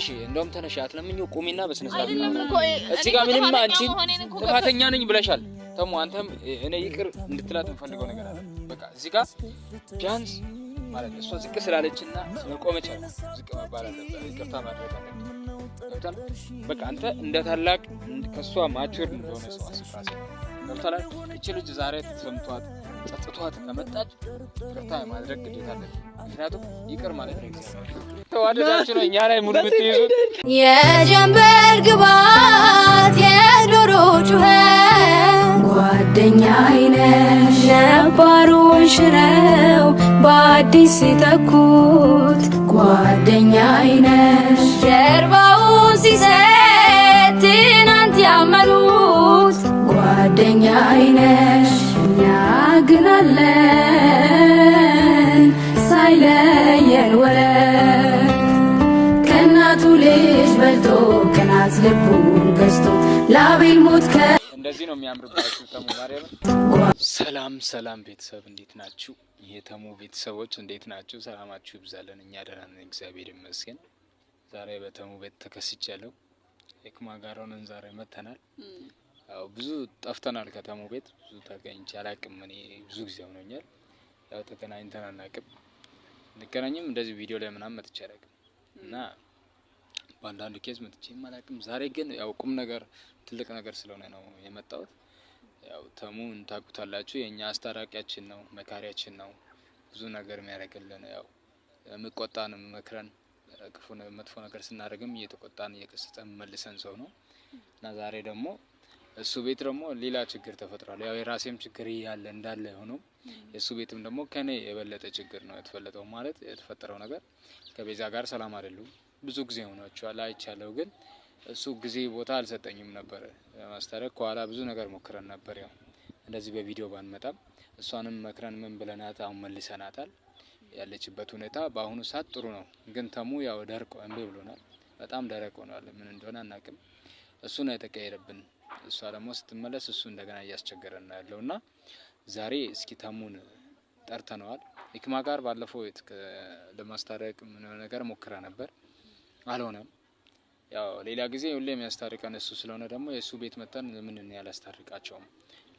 እሺ እንደውም ተነሽ፣ አትለምኝ፣ ቁሚና በስነ ስርዓት እዚህ ጋር ምንም አንቺ ጥፋተኛ ነኝ ብለሻል። ተሙ አንተም እኔ ይቅር እንድትላት የምፈልገው ነገር አለ። በቃ እዚህ ጋር ቢያንስ ማለት እሷ ዝቅ ስላለችና ስለቆመች አለ ዝቅ መባል አለበት፣ ይቅርታ ማድረግ አለበት። በቃ አንተ እንደ ታላቅ ከእሷ ማቹር እንደሆነ ሰው አስፋ ገብቶሃል። እቺ ልጅ ዛሬ ተሰምቷት ጸጥቷት ለመጣች ይቅርታ የማድረግ ግዴታ አለ። ምክንያቱም ይቅር ማለት ነው ተዋደዳችሁ ነው እኛ ላይ ሙድ የምትይዙት የጀንበር ግባት የዶሮ ጩኸ ጓደኛ አይነ ነባሩን ሽረው በአዲስ ሲተኩት ጓደኛ አይነ ጀርባውን ሲሰ ትናንት ያመኑት ጓደኛ አይነሽ እንኖራለን ሳይለየን ወረት ከእናቱ ልጅ በልቶ ቅናት ልቡን ገዝቶ ለአቤል ሞት ከ እንደዚህ ነው የሚያምርባችሁ። ሰላም ሰላም፣ ቤተሰብ እንዴት ናችሁ? የተሙ ቤተሰቦች እንዴት ናችሁ? ሰላማችሁ ይብዛለን። እኛ ደህና ነን፣ እግዚአብሔር ይመስገን። ዛሬ በተሙ ቤት ተከስቻለሁ። ሂክማ ጋር ሆነን ዛሬ መተናል። ያው ብዙ ጠፍተናል። ከተማው ቤት ብዙ ተገኝቼ አላውቅም። እኔ ብዙ ጊዜ ሆኖኛል። ያው ተገናኝተን አናቅም፣ እንገናኝም እንደዚህ ቪዲዮ ላይ ምናምን መጥቼ አላውቅም እና በአንዳንድ ኬዝ መጥቼም አላቅም። ዛሬ ግን ያው ቁም ነገር ትልቅ ነገር ስለሆነ ነው የመጣሁት። ያው ተሙ እንታቁታላችሁ፣ የእኛ አስታራቂያችን ነው፣ መካሪያችን ነው። ብዙ ነገር የሚያደርግልን ያው የምቆጣን መክረን ክፉ መጥፎ ነገር ስናደርግም እየተቆጣን እየቀሰጠን መልሰን ሰው ነው እና ዛሬ ደግሞ እሱ ቤት ደግሞ ሌላ ችግር ተፈጥሯል። ያው የራሴም ችግር እያለ እንዳለ ሆኖ የእሱ ቤትም ደግሞ ከኔ የበለጠ ችግር ነው የተፈለጠው። ማለት የተፈጠረው ነገር ከቤዛ ጋር ሰላም አይደሉም። ብዙ ጊዜ ሆኗቸዋል አይቻለው፣ ግን እሱ ጊዜ ቦታ አልሰጠኝም ነበር ማስታረቅ። ከኋላ ብዙ ነገር ሞክረን ነበር። ያው እንደዚህ በቪዲዮ ባንመጣም እሷንም መክረን ምን ብለናት አሁን መልሰናታል። ያለችበት ሁኔታ በአሁኑ ሰዓት ጥሩ ነው፣ ግን ተሙ ያው ደርቆ እምቢ ብሎናል። በጣም ደረቅ ሆኗል። ምን እንደሆነ አናቅም። እሱ ነው የተቀየረብን እሷ ደግሞ ስትመለስ እሱ እንደገና እያስቸገረ ነው ያለው እና ዛሬ እስኪ ተሙን ጠርተነዋል። ሂክማ ጋር ባለፈው ለማስታረቅ ምን ነገር ሞክራ ነበር፣ አልሆነም። ያው ሌላ ጊዜ ሁሌ የሚያስታርቀን እሱ ስለሆነ ደግሞ የእሱ ቤት መጠን ለምን ያላስታርቃቸውም?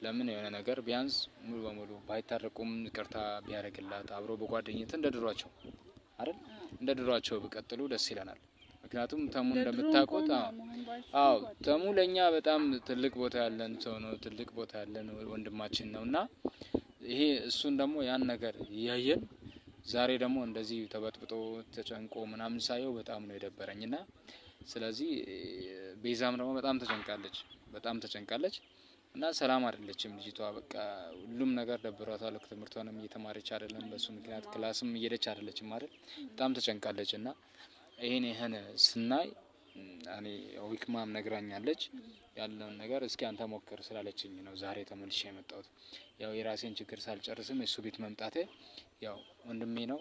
ለምን የሆነ ነገር ቢያንስ ሙሉ በሙሉ ባይታረቁም ቅርታ ቢያደርግላት አብሮ በጓደኝነት እንደ ድሯቸው አይደል እንደ ድሯቸው ብቀጥሉ ደስ ይለናል። ምክንያቱም ተሙ እንደምታውቁት አዎ ተሙ ለእኛ በጣም ትልቅ ቦታ ያለን ሰው ነው፣ ትልቅ ቦታ ያለን ወንድማችን ነው እና ይሄ እሱን ደግሞ ያን ነገር እያየን ዛሬ ደግሞ እንደዚህ ተበጥብጦ ተጨንቆ ምናምን ሳየው በጣም ነው የደበረኝ እና ስለዚህ ቤዛም ደግሞ በጣም ተጨንቃለች፣ በጣም ተጨንቃለች እና ሰላም አይደለችም ልጅቷ። በቃ ሁሉም ነገር ደብሯታል። ትምህርቷንም እየተማረች አይደለም፣ በሱ ምክንያት ክላስም እየሄደች አይደለችም አይደል? በጣም ተጨንቃለች እና ይሄን ይሄን ስናይ እኔ ዊክማም ነግራኛለች ያለውን ነገር እስኪ አንተ ሞክር ስላለችኝ ነው ዛሬ ተመልሼ የመጣሁት። ያው የራሴን ችግር ሳልጨርስም እሱ ቤት መምጣቴ ያው ወንድሜ ነው፣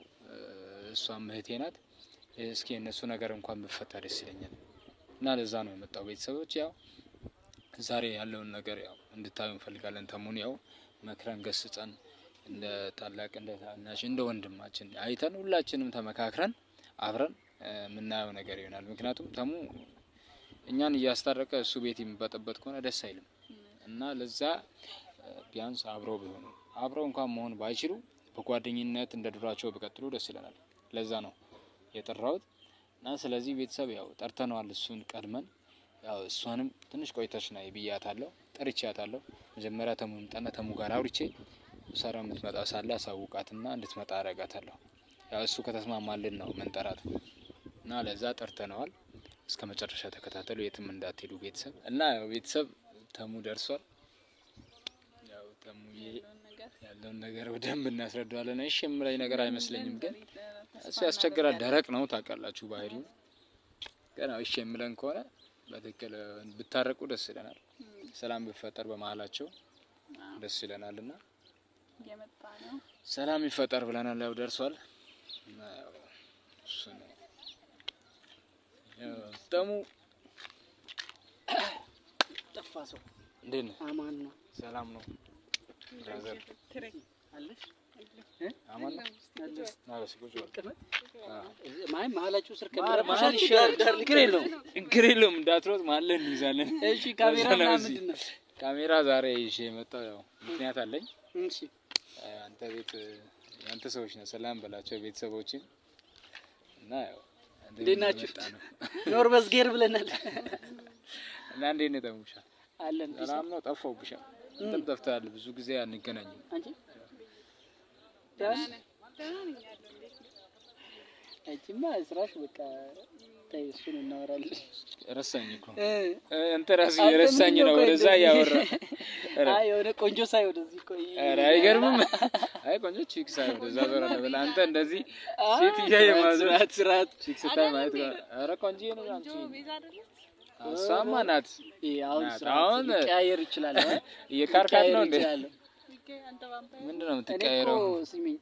እሷም እህቴ ናት። እስኪ የእነሱ ነገር እንኳን ብፈታ ደስ ይለኛል እና ለዛ ነው የመጣው። ቤተሰቦች ያው ዛሬ ያለውን ነገር ያው እንድታዩ እንፈልጋለን። ተሙን ያው መክረን ገስጸን፣ እንደ ታላቅ እንደ ታናሽ እንደ ወንድማችን አይተን ሁላችንም ተመካክረን አብረን የምናየው ነገር ይሆናል። ምክንያቱም ተሙ እኛን እያስታረቀ እሱ ቤት የሚበጠበት ከሆነ ደስ አይልም እና ለዛ ቢያንስ አብረው ቢሆኑ አብረው እንኳን መሆን ባይችሉ በጓደኝነት እንደ ድሯቸው ቢቀጥሉ ደስ ይለናል። ለዛ ነው የጠራሁት እና ስለዚህ ቤተሰብ ያው ጠርተነዋል። እሱን ቀድመን ያው እሷንም ትንሽ ቆይተሽ ነይ ብያታለሁ፣ ጠርቻታለሁ። መጀመሪያ ተሙ ምጣና ተሙ ጋር አውርቼ ሳራ የምትመጣ ሳለ አሳውቃትና እንድትመጣ አረጋታለሁ። ያው እሱ ከተስማማልን ነው ምንጠራት። እና ለዛ ጠርተነዋል። እስከ መጨረሻ ተከታተሉ፣ የትም እንዳትሄዱ ቤተሰብ እና ቤተሰብ ተሙ ደርሷል። ያው ተሙ ያለውን ነገር በደንብ እናስረዳዋለን። እሺ የምለኝ ነገር አይመስለኝም፣ ግን እሱ ያስቸግራል። ደረቅ ነው ታውቃላችሁ፣ ባህሪው ገና። እሺ የምለን ከሆነ በትክክል ብታረቁ ደስ ይለናል። ሰላም ቢፈጠር በመሀላቸው ደስ ይለናል እና ሰላም ይፈጠር ብለናል። ያው ደርሷል እሱ ነው ደሙ ጠፋ። ሰው እንዴት ነው? አማን ነው፣ ሰላም ነው። ችግር የለውም እንዳትሮጥ፣ ማለን እንይዛለን። ካሜራ ዛሬ ይዤ የመጣው ያው ምክንያት አለኝ። አንተ ቤት የአንተ ሰዎች ነው ሰላም በላቸው ቤተሰቦችን እና ያው እንዴት ናችሁ? ኖር በዝጌር ብለናል እና እንዴት ነው ጠሙሻ? አለን ሰላም ነው። ጠፋሁብሻል። እንትን ጠፍተሃል። ብዙ ጊዜ አንገናኝም። አንቺ አንቺማ ስራሽ በቃ ተይ፣ እሱን እናወራለን። ረሳኝ እኮ እንትን እራሱ ረሳኝ ነው። ወደዛ እያወራ አይ የሆነ ቆንጆ ሳይ ወደዚህ እኮ አይገርምም አይ ቆንጆ ቺክ ሳይ እንደዛ ዞረ ነው ብላ አንተ እንደዚህ ሴት እያየ ማዝራት ስራት ቺክ ስታይ ማለት ነው። ኧረ ቆንጆ ነው አንቺ እሷማ ናት። አሁን ቀያየር ይችላል። እየካርካት ነው እንዴ? ምንድን ነው የምትቀያየረው? ስሚኝ፣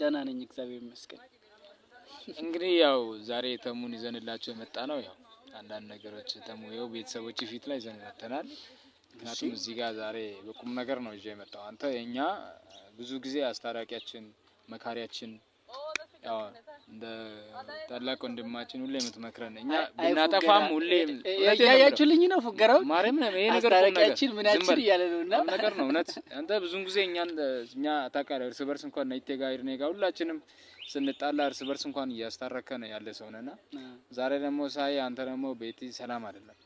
ደህና ነኝ እግዚአብሔር ይመስገን። እንግዲህ ያው ዛሬ ተሙን ይዘንላቸው የመጣ ነው። ያው አንዳንድ ነገሮች ተሙ ያው ቤተሰቦች ፊት ላይ ይዘን መጥተናል። ምክንያቱም እዚህ ጋር ዛሬ በቁም ነገር ነው ይዤ የመጣው። አንተ እኛ ብዙ ጊዜ አስታራቂያችን፣ መካሪያችን እንደ ታላቅ ወንድማችን ሁሌ የምትመክረን እኛ ብናጠፋም ሁሌ ያያችሁልኝ ነው ፉገራው ማርያም ነው። ይሄ ነገር አስታራቂያችን ምናችን እያለ ነውና ነገር ነው እውነት። አንተ ብዙን ጊዜ እኛ እኛ ታውቃለህ፣ እርስ በርስ እንኳን ነይቴ ጋር ይርኔ ጋር ሁላችንም ስንጣላ እርስ በርስ እንኳን እያስታረከ ነው ያለ ሰውነና ዛሬ ደግሞ ሳይ አንተ ደግሞ ቤቲ ሰላም አይደለም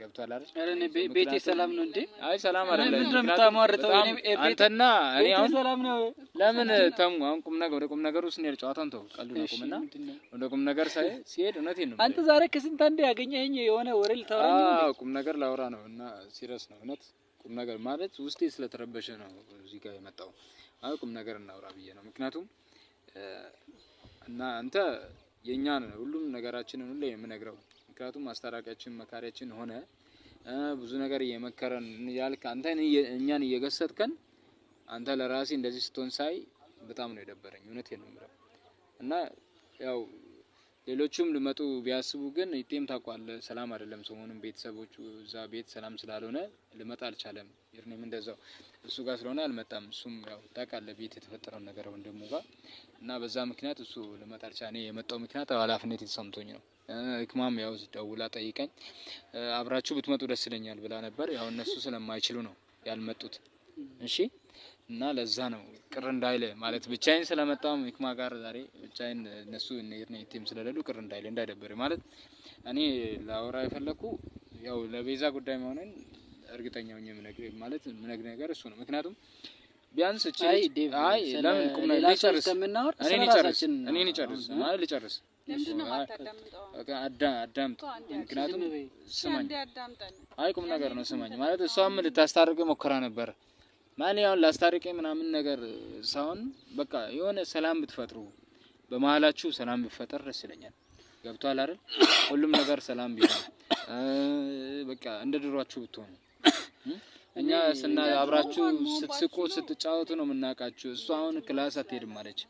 ገብቷል አይደል? ኧረ እኔ ቤቴ ሰላም ነው እንዴ? አይ ሰላም አይደለም። አንተና እኔ አሁን ሰላም ነው። ለምን ተሙ፣ አሁን ቁም ነገር ወደ ቁም ነገር ውስጥ እንሂድ። ጨዋታውን ተው፣ ቀልዱን አቁምና ወደ ቁም ነገር ሳይ ሲሄድ እውነቴን ነው። አንተ ዛሬ ከስንት አንዴ ያገኘኸኝ የሆነ ወሬ ልታወራኝ አዎ ቁም ነገር ላውራ ነው እና ሲሪየስ ነው እውነት። ቁም ነገር ማለት ውስጤ ስለተረበሸ ነው እዚህ ጋር የመጣው። አሁን ቁም ነገር እናውራ ብዬ ነው። ምክንያቱም እና አንተ የእኛን ሁሉም ነገራችንን ሁሉ የምነግረው ምክንያቱም አስታራቂያችን መካሪያችን ሆነ ብዙ ነገር እየመከረን ያልክ አንተ እኛን እየገሰጥከን አንተ ለራሴ እንደዚህ ስትሆን ሳይ በጣም ነው የደበረኝ። እውነት ነው እና ያው ሌሎቹም ልመጡ ቢያስቡ ግን ይጤም ታውቋለህ፣ ሰላም አይደለም ሰሞኑን ቤተሰቦቹ እዛ ቤት ሰላም ስላልሆነ ልመጣ አልቻለም። ይርኔም እንደዛው እሱ ጋር ስለሆነ አልመጣም። እሱም ያው ታውቃለህ ቤት የተፈጠረው ነገር ወንድሙ ጋር እና በዛ ምክንያት እሱ ልመጣ አልቻለ። የመጣው ምክንያት ኃላፊነት የተሰምቶኝ ነው። ህክማም ያው ደውላ ጠይቀኝ አብራችሁ ብትመጡ ደስ ይለኛል ብላ ነበር። ያው እነሱ ስለማይችሉ ነው ያልመጡት። እሺ እና ለዛ ነው ቅር እንዳይለ ማለት ብቻዬን ስለመጣም ህክማ ጋር ዛሬ ብቻዬን እነሱ ቲም ስለሌሉ ቅር እንዳይለ እንዳይደበር ማለት እኔ ላወራ የፈለኩ ያው ለቤዛ ጉዳይ መሆንን እርግጠኛ ነኝ። የምነግርህ ማለት ምነግ ነገር እሱ ነው። ምክንያቱም ቢያንስ እቺ አይ ለምን ቁም ነገር ልጨርስ እኔ ልጨርስ እኔ ልጨርስ ማለት ልጨርስ አዳምጥ ምክንያቱም ስማኝ አይ ቁም ነገር ነው ስማኝ ማለት እሷም ልታስታርቅ ሞከራ ነበር ማን ያው ላስታርቅ ምናምን ነገር ሳይሆን በቃ የሆነ ሰላም ብትፈጥሩ በመሀላችሁ ሰላም ብፈጠር ደስ ይለኛል ገብቷል አይደል ሁሉም ነገር ሰላም ቢሆን በቃ እንደ ድሯችሁ ብትሆኑ እኛ ስና አብራችሁ ስትስቁ ስትጫወቱ ነው የምናውቃችሁ። እሱ አሁን ክላስ አትሄድም አለች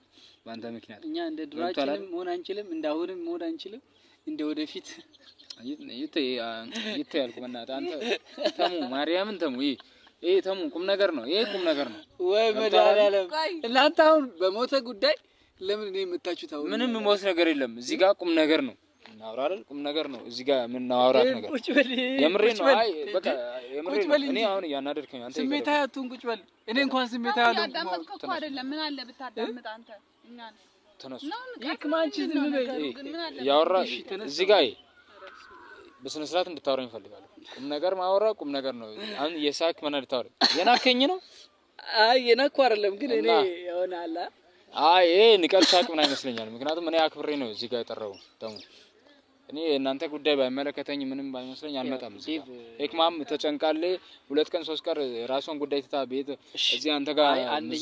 በአንተ ምክንያት። እኛ እንደ ድሯችንም መሆን አንችልም፣ እንደ አሁንም መሆን አንችልም፣ እንደ ወደፊት ይተ ያልኩ በእናትህ አንተ ተሙ፣ ማርያምን ተሙ። ይ ይሄ ተሙ ቁም ነገር ነው። ይሄ ቁም ነገር ነው ወይ መድኃኒዓለም። እናንተ አሁን በሞተ ጉዳይ ለምን እኔ የመታችሁት? አሁን ምንም ሞት ነገር የለም እዚህ ጋር ቁም ነገር ነው። የምናወራ አይደል? ቁም ነገር ነው እዚህ ጋር የምናወራት ነገር። የምሬ ነው። አይ በቃ የምሬ ነው። እኔ አሁን እያናደድከኝ አንተ። ስሜታ ያቱን ቁጭ በል። እኔ እንኳን ስሜታ ያለው አዳምጥክ አይደለም። ምን አለ ብታዳምጥ አንተ እኛን ተነሱ። ይክማንቺ እዚህ ጋር በስነ ስርዓት እንድታወራኝ እፈልጋለሁ። ቁም ነገር ማወራ ቁም ነገር ነው። አሁን የሳክ መና ልታወራ የናከኝ ነው። አይ የናኩ አይደለም ግን እኔ ይሆናል። አይ ንቀል ሳቅ ምን አይመስለኛል። ምክንያቱም እኔ አክብሬ ነው እዚህ ጋር የጠራው ደሙ እኔ እናንተ ጉዳይ ባይመለከተኝ ምንም ባይመስለኝ አልመጣም። ህክማም ተጨንቃለ ሁለት ቀን ሶስት ቀን ራሷን ጉዳይ ትታ ቤት እዚህ አንተ ጋር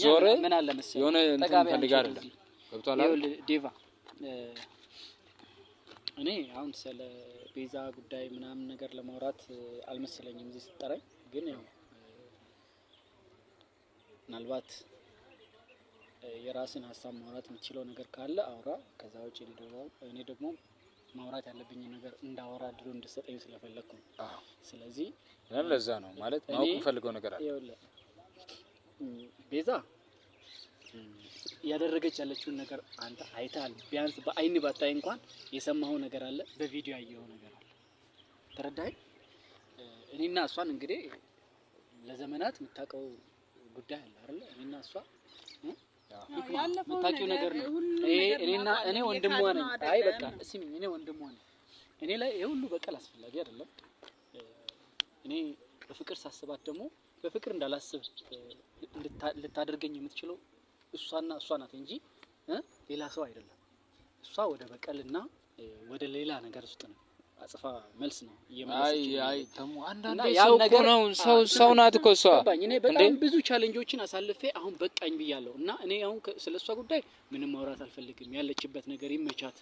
ዞር የሆነ እንትን ፈልጋ አይደለም። ገብቷል ዴቫ። እኔ አሁን ስለ ቤዛ ጉዳይ ምናምን ነገር ለማውራት አልመሰለኝም እዚህ ስጠራኝ፣ ግን ያው ምናልባት የራስን ሀሳብ ማውራት የምችለው ነገር ካለ አውራ። ከዛ ውጭ እኔ ደግሞ ማውራት ያለብኝ ነገር እንዳወራ ድሎ እንድሰጠኝ ስለፈለግኩ ነው። ስለዚህ ምንም ለዛ ነው ማለት ማወቅ የምፈልገው ነገር አለ። ቤዛ ያደረገች ያለችውን ነገር አንተ አይተሃል። ቢያንስ በአይን ባታይ እንኳን የሰማኸው ነገር አለ፣ በቪዲዮ ያየኸው ነገር አለ። ተረዳኸኝ? እኔና እሷን እንግዲህ ለዘመናት የምታውቀው ጉዳይ አለ አይደለ? እኔና እሷ የምታውቂው ነገር ነው። እኔና እኔ ወንድሟ ነኝ። አይ በቃ ስሚኝ፣ እኔ ወንድሟ ነኝ። እኔ ላይ ይሄ ሁሉ በቀል አስፈላጊ አይደለም። እኔ በፍቅር ሳስባት ደግሞ በፍቅር እንዳላስብ ልታደርገኝ የምትችለው እሷና እሷ ናት እንጂ ሌላ ሰው አይደለም። እሷ ወደ በቀልና ወደ ሌላ ነገር ውስጥ ነው አጽፋ መልስ ነው ሰው ናት እኮ እሷ። በጣም ብዙ ቻሌንጆችን አሳልፌ አሁን በቃኝ ብያለሁ እና እኔ አሁን ስለ እሷ ጉዳይ ምንም ማውራት አልፈልግም። ያለችበት ነገር ይመቻት።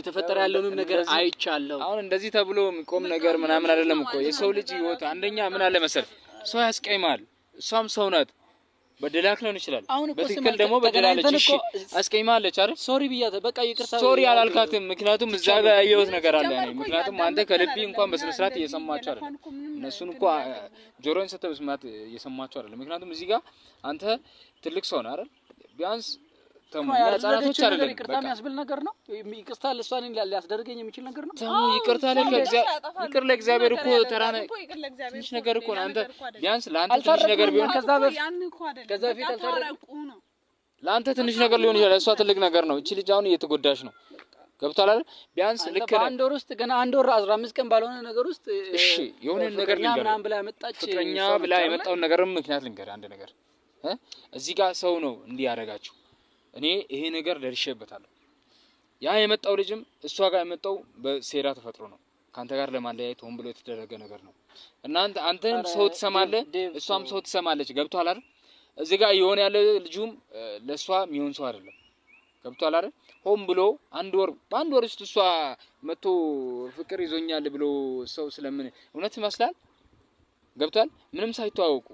የተፈጠረ ያለውንም ነገር አይቻለሁ። አሁን እንደዚህ ተብሎ የሚቆም ነገር ምናምን አይደለም እኮ የሰው ልጅ ህይወት። አንደኛ ምን አለ መሰል ሰው ያስቀይማል። እሷም ሰው ናት። በደላክ ሊሆን ይችላል። በትክክል ደግሞ በደላለች። እሺ አስቀይማ አስቀይማለች አይደል? ሶሪ ብያት በቃ ይቅርታ። ሶሪ አላልካትም፣ ምክንያቱም እዛ ጋር ያየሁት ነገር አለ። ምክንያቱም አንተ ከልቢ እንኳን በስነ ስርዓት እየሰማችሁ አይደል? እነሱን እኮ ጆሮን ሰተ በስማት እየሰማችሁ አይደል? ምክንያቱም እዚህ ጋር አንተ ትልቅ ሰው ነህ አይደል? ቢያንስ የሚያስብል ነገር ነው። ይቅርታ ለእሷን ሊያስደርገኝ የሚችል ነገር ነው። ተሙ ይቅርታ ይቅር ለእግዚአብሔር እኮ ተራ ትንሽ ነገር እኮ ነው። አንተ ቢያንስ ለአንተ ትንሽ ነገር ቢሆን ከዛ በፊት ለአንተ ትንሽ ነገር ሊሆን ይችላል፣ እሷ ትልቅ ነገር ነው። እቺ ልጅ አሁን እየተጎዳሽ ነው። ገብቷል አይደል? ቢያንስ ልክ አንድ ወር ውስጥ ገና አንድ ወር አስራ አምስት ቀን ባልሆነ ነገር ውስጥ እሺ፣ የሆነ ነገር ምናምን ብላ ፍቅረኛ ብላ የመጣውን ነገርም ምክንያት አንድ ነገር እዚህ ጋር ሰው ነው እንዲህ ያደረጋችሁ እኔ ይሄ ነገር ደርሼበታለሁ። ያ የመጣው ልጅም እሷ ጋር የመጣው በሴራ ተፈጥሮ ነው። ከአንተ ጋር ለማለያየት ሆን ብሎ የተደረገ ነገር ነው። እና አንተም ሰው ትሰማለህ፣ እሷም ሰው ትሰማለች። ገብቷል አይደል? እዚህ ጋር የሆነ ያለ ልጁም ለእሷ የሚሆን ሰው አይደለም። ገብቷል አይደል? ሆን ብሎ አንድ ወር በአንድ ወር ውስጥ እሷ መጥቶ ፍቅር ይዞኛል ብሎ ሰው ስለምን እውነት ይመስላል? ገብቷል? ምንም ሳይተዋወቁ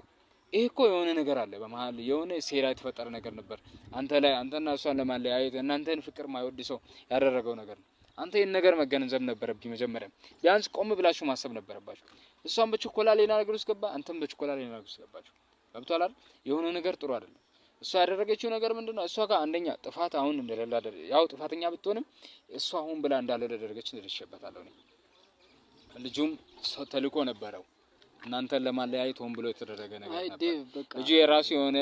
ይሄ እኮ የሆነ ነገር አለ በመሀል የሆነ ሴራ የተፈጠረ ነገር ነበር። አንተ ላይ አንተና እሷን ለማለያየት እናንተን ፍቅር ማይወድ ሰው ያደረገው ነገር ነው። አንተ ይህን ነገር መገንዘብ ነበረብኝ መጀመሪያ። ቢያንስ ቆም ብላችሁ ማሰብ ነበረባችሁ። እሷን በችኮላ ሌላ ነገር ውስጥ ገባ፣ አንተም በችኮላ ሌላ ነገር ውስጥ ገባችሁ። ገብቷል የሆነ ነገር ጥሩ አይደለም። እሷ ያደረገችው ነገር ምንድን ነው? እሷ ጋር አንደኛ ጥፋት አሁን እንደሌላ ያው ጥፋተኛ ብትሆንም እሷ አሁን ብላ እንዳለ ደረገች ልደሸበታለሁ። ልጁም ተልእኮ ነበረው እናንተን ለማለያየት ሆን ብሎ የተደረገ ነገር ነበር። ልጁ የራሱ የሆነ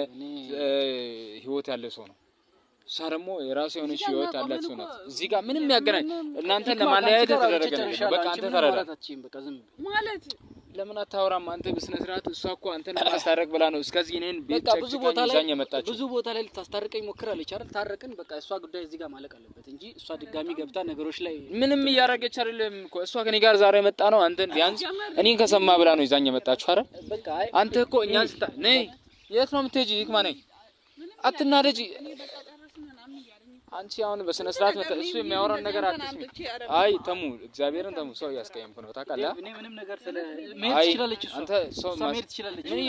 ህይወት ያለ ሰው ነው። እሷ ደግሞ የራሱ የሆነ ህይወት ያላት ሰው ናት። እዚህ ጋር ምንም ያገናኝ እናንተን ለማለያየት የተደረገ ነገር በቃ አንተ ተረዳ ማለት ለምን አታወራም አንተ? በስነ ስርዓት። እሷ እኮ አንተን ለማስታረቅ ብላ ነው እስከዚህ እኔን ቤት ብዙ ቦታ ላይ የመጣችው። ብዙ ቦታ ላይ ልታስታርቀኝ ሞክራለች አይደል? ታረቅን፣ በቃ እሷ ጉዳይ እዚህ ጋር ማለቅ አለበት እንጂ እሷ ድጋሚ ገብታ ነገሮች ላይ ምንም እያደረገች አይደለም እኮ። እሷ ከኔ ጋር ዛሬ መጣ ነው አንተን ቢያንስ እኔን ከሰማ ብላ ነው ይዛኝ የመጣችው አይደል? አንተ እኮ እኛን ስታ ነይ። የት ነው የምትሄጂ? ይክማ ነይ፣ አትናደጂ አንቺ አሁን በስነ ስርዓት እሱ የሚያወራን ነገር አትስሚ። አይ ተሙ፣ እግዚአብሔርን ተሙ፣ ሰው እያስቀየምኩ ነው ታውቃለህ። ምንም ነገር ስለ ነው? ነው ነው። በጣም የንቀት ነው። አንድ ነገር ልሂድ። አንተ ዝም ነው ማለት ነው አንተ። እኔ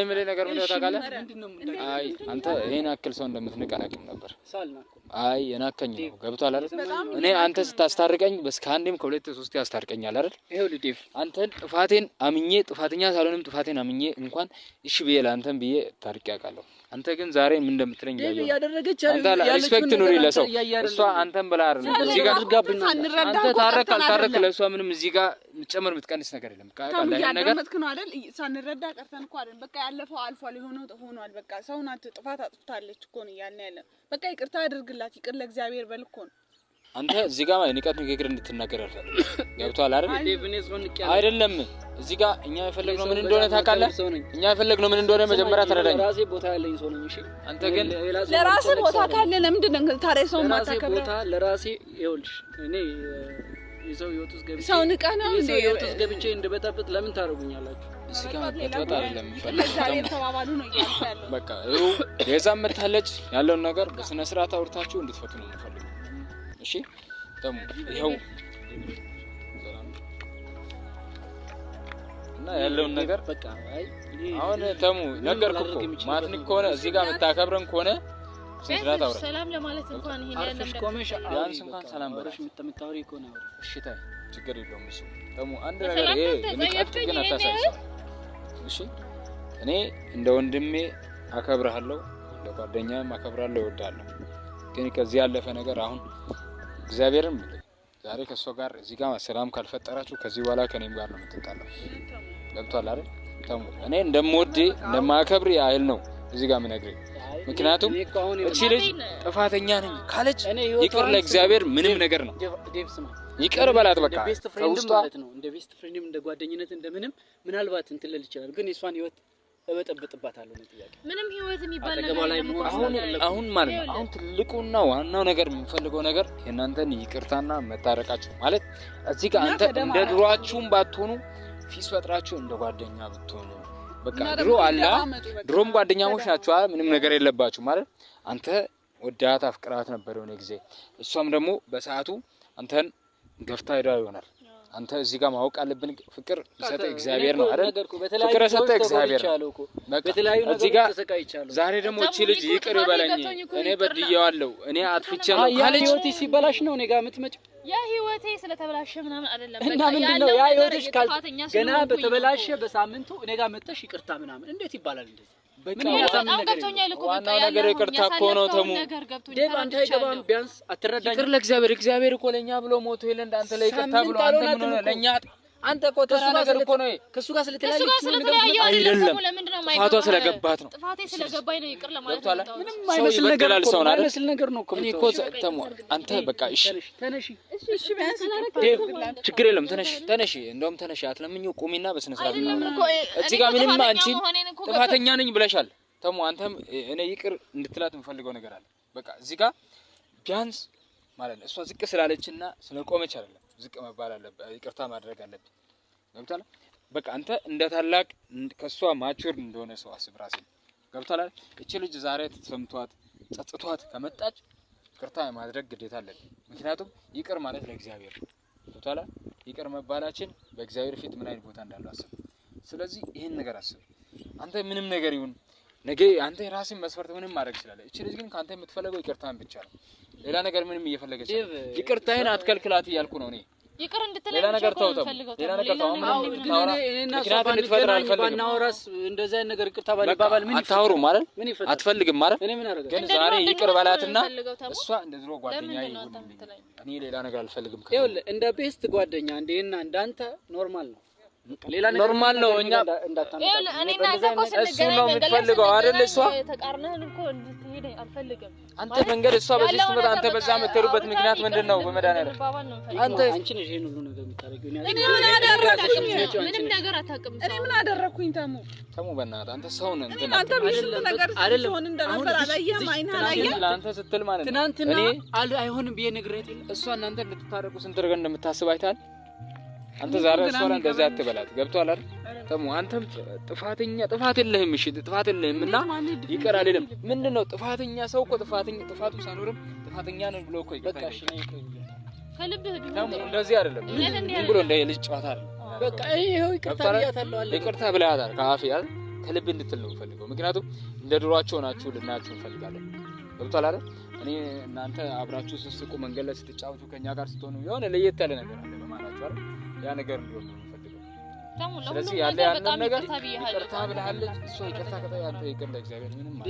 የምልህ ነገር ምን ታውቃለህ? አይ አንተ ይሄን አክል ሰው እንደምትንቅ አቅም ነበር ሳልናኩ አይ የናከኝ ነው ገብቷል አይደል? እኔ አንተ ስታስታርቀኝ በስ ከአንዴም ከሁለት ሶስት ያስታርቀኛል አይደል? አንተን ጥፋቴን አምኜ ጥፋተኛ ሳልሆንም ጥፋቴን አምኜ እንኳን እሺ ብዬ ለአንተን ብዬ ታርቅ ያውቃለሁ። አንተ ግን ዛሬ ምን እንደምትለኝ ያደረገች ሪስፔክት ኑሪ ለሰው እሷ አንተን ብላ አይደል? እዚህ ጋር አንተ ታረቅ አልታረቅ ለእሷ ምንም እዚህ ጋር የምትጨምር የምትቀንስ ነገር የለም። ያደመጥክ ነው አይደል? ሳንረዳ ቀርተን እኮ አይደል? በቃ ያለፈው አልፏል፣ የሆነው ሆኗል። በቃ ሰውን ጥፋት አጥፍታለች እኮ ነው እያልን ያለ በቃ ይቅርታ አድርግ አድርግላት። ይቅር ለእግዚአብሔር በልኮ ነው አንተ እዚህ ጋር ንቀት ንግግር እንድትናገር አልፈልግም። ገብቷል አይደል? አይደለም እዚህ ጋር እኛ የፈለግነው ምን እንደሆነ ታውቃለህ? እኛ የፈለግነው ምን እንደሆነ መጀመሪያ ተረዳኝ። ራሴ ቦታ ያለኝ ሰው እሺ፣ አንተ ግን ለራሴ ቦታ ካለ ለምንድን ነው ታዲያ ሰው ማታከብረው? ቦታ ለራሴ ይኸውልሽ፣ እኔ የሰው ህይወት ውስጥ ገብቼ ሰው ንቀህ ነው እንዴ? ህይወት ውስጥ ገብቼ እንደበጣበጥ ለምን ታደርጉኛላችሁ? እዚህ ጋር መጣጣ አይደለም የሚፈልገው። በቃ ይኸው የዛም መታለች ያለውን ነገር በስነ ስርዓት አውርታችሁ እንድትፈቱ ነው የምፈልገው። እሺ ደግሞ ይኸው እና ያለውን ነገር በቃ አሁን ተሙ ነገርኩህ እኮ ማትንክ ከሆነ እዚህ ጋር የምታከብረን ከሆነ ስንት ሰላም ለማለት እንኳን ይሄን ያለበት እንኳን ሰላም ከሆነ እሺ ታይ ችግር የለውም እሱ ተሙ አንድ ነገር ይሄ ግን አታሳይ እሺ እኔ እንደ ወንድሜ አከብርሃለሁ እንደ ጓደኛም አከብራለሁ እወዳለሁ ግን ከዚህ ያለፈ ነገር አሁን እግዚአብሔርን እግዚአብሔርም ዛሬ ከእሷ ጋር እዚህ ጋር ሰላም ካልፈጠራችሁ ከዚህ በኋላ ከኔም ጋር ነው የምትጣለው። ገብቷል አይደል? ተሙ እኔ እንደምወድ እንደማከብር ያህል ነው እዚህ ጋር የምነግርህ። ምክንያቱም እቺ ልጅ ጥፋተኛ ነኝ ካለች ይቅር ለእግዚአብሔር ምንም ነገር ነው ይቅር በላት። በቃ ቤስት ፍሬንድም ማለት ነው እንደ ቤስት ፍሬንድም እንደ ጓደኝነት እንደምንም ምናልባት እንትልል ይችላል ግን የእሷን ህይወት እበጠብጥባታለሁ ነው ጥያቄ። ምንም ህይወት የሚባል ነገር አሁን ማለት ነው። አሁን ትልቁና ዋናው ነገር የምንፈልገው ነገር የእናንተን ይቅርታና መታረቃችሁ ማለት እዚህ ጋር አንተ እንደ ድሮአችሁም ባትሆኑ ፊስ ፈጥራችሁ እንደ ጓደኛ ብትሆኑ በቃ ድሮ አላ ድሮም ጓደኛሞች ናችሁ፣ ምንም ነገር የለባችሁ ማለት አንተ ወዳት አፍቅራት ነበር የሆነ ጊዜ፣ እሷም ደግሞ በሰዓቱ አንተን ገፍታ ሄዳ ይሆናል አንተ እዚህ ጋር ማወቅ አለብን። ፍቅር ሰጠ እግዚአብሔር ነው አይደል? ፍቅር ሰጠ እግዚአብሔር ነው። እዚህ ጋር ዛሬ ደግሞ እቺ ልጅ ይቅር ይበለኝ፣ እኔ በድየዋለሁ እኔ አጥፍቼ ነው ካለች ሲበላሽ ነው እኔ ጋር የምትመጪው የህይወቴ ስለተበላሸ ምናምን አይደለም። እና ምንድን ነው ያ ህይወትሽ ገና በተበላሸ በሳምንቱ እኔ ጋር መጥተሽ ይቅርታ ምናምን እንዴት ይባላል? እንደዚህ ነገር ይቅርታ እኮ ነው። ተሙ አንተ አይገባም። ቢያንስ አትረዳኝ። ይቅር ለእግዚአብሔር። እግዚአብሔር እኮ ለእኛ ብሎ ሞቶ የለ እንዳንተ ላይ ብሎ አንተ ምን ሆነ ለእኛ አንተ እኮ ተሱ ነገር እኮ ነው ከሱ ጋር ስለተለያየ አይደለም። ጥፋቷ ስለገባት ነው። ጥፋቴ ስለገባኝ ነው ይቅር ለማለት ነው። ምንም አይመስል ነገር ነው። አይመስል ነገር ነው እኮ እኔ እኮ ተሙ፣ አንተ በቃ እሺ፣ ተነሺ፣ እሺ፣ ቢያንስ ችግር የለም ተነሺ፣ ተነሺ፣ እንደውም ተነሺ፣ አትለምኚው፣ ቁሚና በስነ ስርዓት ነው። እዚህ ጋር ምንም አንቺ ጥፋተኛ ነኝ ብለሻል ተሙ። አንተም እኔ ይቅር እንድትላት የምፈልገው ነገር አለ። በቃ እዚህ ጋር ቢያንስ ማለት ነው እሷ ዝቅ ስላለችና ስለቆመች አይደለም ዝቅ መባል አለብህ፣ ይቅርታ ማድረግ አለብህ። ገብቷል? በቃ አንተ እንደ ታላቅ ከእሷ ማቹር እንደሆነ ሰው አስብ ራሴ። ገብቷል? እቺ ልጅ ዛሬ ተሰምቷት ጸጥቷት ከመጣች ይቅርታ የማድረግ ግዴታ አለብህ። ምክንያቱም ይቅር ማለት ለእግዚአብሔር ገብቷል? ይቅር መባላችን በእግዚአብሔር ፊት ምን አይነት ቦታ እንዳለው አስብ። ስለዚህ ይህን ነገር አስብ። አንተ ምንም ነገር ይሁን ነገ አንተ የራስን መስፈርት ምንም ማድረግ ይችላል። እቺ ልጅ ግን ከአንተ የምትፈለገው ይቅርታን ብቻ ነው። ሌላ ነገር ምንም እየፈለገች ይቅርታዬን አትከልክላት እያልኩ ነው እኔ ይቅር እንድትለኝ ሌላ ነገር ተው ተው ሌላ ነገር ተው። እንደዚህ አይነት ነገር ይቅርታ ባልባባል ምን አታወሩም ማለት ምን አትፈልግም ማለት እኔ ምን አረጋ ግን ዛሬ ይቅር ባላትና እሷ እንደ ድሮ ጓደኛ ይሁን እኔ ሌላ ነገር አልፈልግም። ይኸውልህ እንደ ቤስት ጓደኛ እንደና እንዳንተ ኖርማል ነው ሌላ ኖርማል ነው። እኛ እሱ ነው የምትፈልገው አይደል? እሷ አንተ መንገድ እሷ በዚህ ስትመጣ አንተ በዛ የምትሄዱበት ምክንያት ምንድን ነው? በመድኃኒዓለም አንተ ነገር ስትል ማለት ነው። አይሆንም እሷ እናንተ እንድትታረቁ ስንት እንደምታስብ አይተሃል። አንተ ዛሬ እሷን እንደዛ አትበላት። ገብቷል አይደል? ተሙ አንተም ጥፋተኛ ጥፋት የለህም። እሺ ጥፋት የለህም እና ይቀር አይደለም። ነው ጥፋተኛ ሰው እኮ ጥፋተኛ ጥፋቱ ሳይኖርም ጥፋተኛ ነን ብሎ እኮ በቃ እሺ ነው እንደዚህ አይደለም። ምን ብሎ እንደ ልጅ ጨዋታ አይደለም። በቃ ይሄው ይቅርታ ብያታለሁ አለ ይቅርታ ብለሃታል ከአፌ አይደል? ከልብ እንድትል ነው የምፈልገው። ምክንያቱም እንደ ድሯቸው ናችሁ ልናያችሁ እንፈልጋለን። ገብቷል አይደል? እኔ እናንተ አብራችሁ ስትስቁ መንገድ ላይ ስትጫወቱ ከኛ ጋር ስትሆኑ የሆነ ለየት ያለ ነገር አለ ማለት አይደል? ያ ነገር እንዲሆን ነው የምፈልገው። ስለዚህ ያለ ያንን ነገር ይቅርታ ብልሃለች እሷ ይቅርታ ከጠ ያንተ ይቅር ለእግዚአብሔር ምንም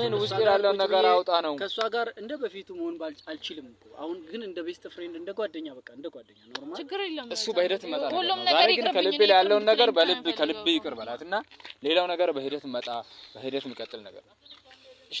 ምን ውስጥ ያለውን ነገር አውጣ ነው። ከእሷ ጋር እንደ በፊቱ መሆን አልችልም እኮ አሁን ግን እንደ ቤስት ፍሬንድ እንደ ጓደኛ በቃ እንደ ጓደኛ ኖርማል፣ ችግር የለም እሱ በሂደት መጣ ነው። ዛሬ ግን ከልብ ያለውን ነገር በልብ ከልብ ይቅር በላት እና ሌላው ነገር በሂደት መጣ በሂደት የሚቀጥል ነገር እሺ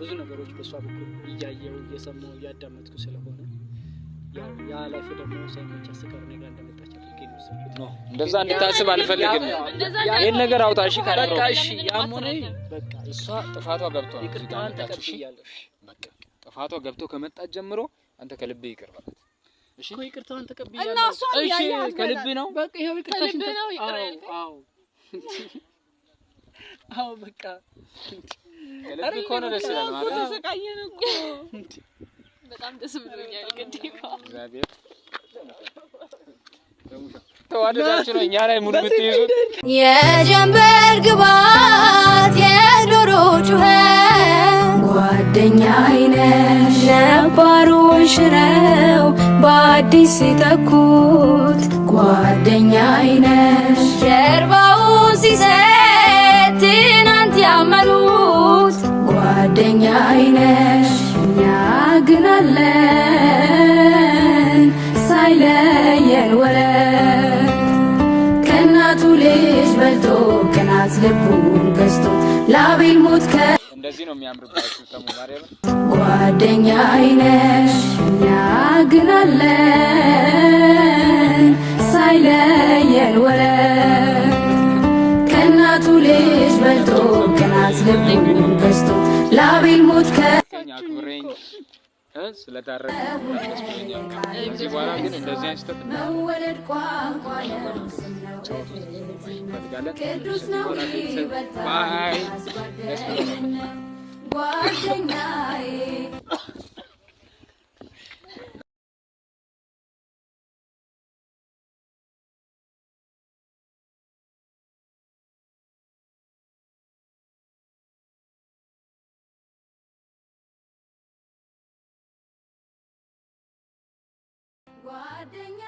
ብዙ ነገሮች በእሷ በኩል እያየው እየሰማው እያዳመጥኩ ስለሆነ ያ ደግሞ ሳይመች አስቀር ነገር እንደመጣች አድርጌ የሚወሰድኩት ነው። እንደዛ እንድታስብ አልፈልግም። ይህን ነገር አውጣ እሺ። በቃ እሺ፣ ያም ሆነ በቃ እሷ ጥፋቷ ገብቶ ይቅርታን ተቀብያለሁ። በቃ ጥፋቷ ገብቶ ከመጣት ጀምሮ አንተ ከልቤ ይቅር በላት እሺ። ይቅርታን ተቀብያለሁ። እሺ፣ ከልብ ነው በቃ ይኸው ይቅርታሽን። አዎ አዎ አዎ፣ በቃ በጣም ደስ ብሎኛል። ተዋደዳችሁ ነው እኛ ላይ ሙድ ብትይዙት የጀንበር ግባት የዶሮ ጩኸት ጓደኛ አይነሽ ነባሩን ሽረው በአዲስ ሲተኩት ጓደኛ አይነ ጀርባውን ሲሰጥ ትናንት ያመሉት አንደኛ አይነሽ እኛ ግን አለን ሳይለየን ወረት ከእናቱ ልጅ በልቶ ቅናት ልቡን ገዝቶ ለአቤል ሞት ከ ጓደኛ አይነሽ እኛ ግን አለን ሳይለየን ወረት ከእናቱ ልጅ በልቶ ቅናት ልቡን ገዝቶ ላቤል ሞት ከኛክብሬኝ ስለታረቀ እዚህ በኋላ ግን እንደዚህ አይነት ስህተት መወለድ ቋንቋ ቅዱስ ነው ይበልጣል ጓደኛዬ adanya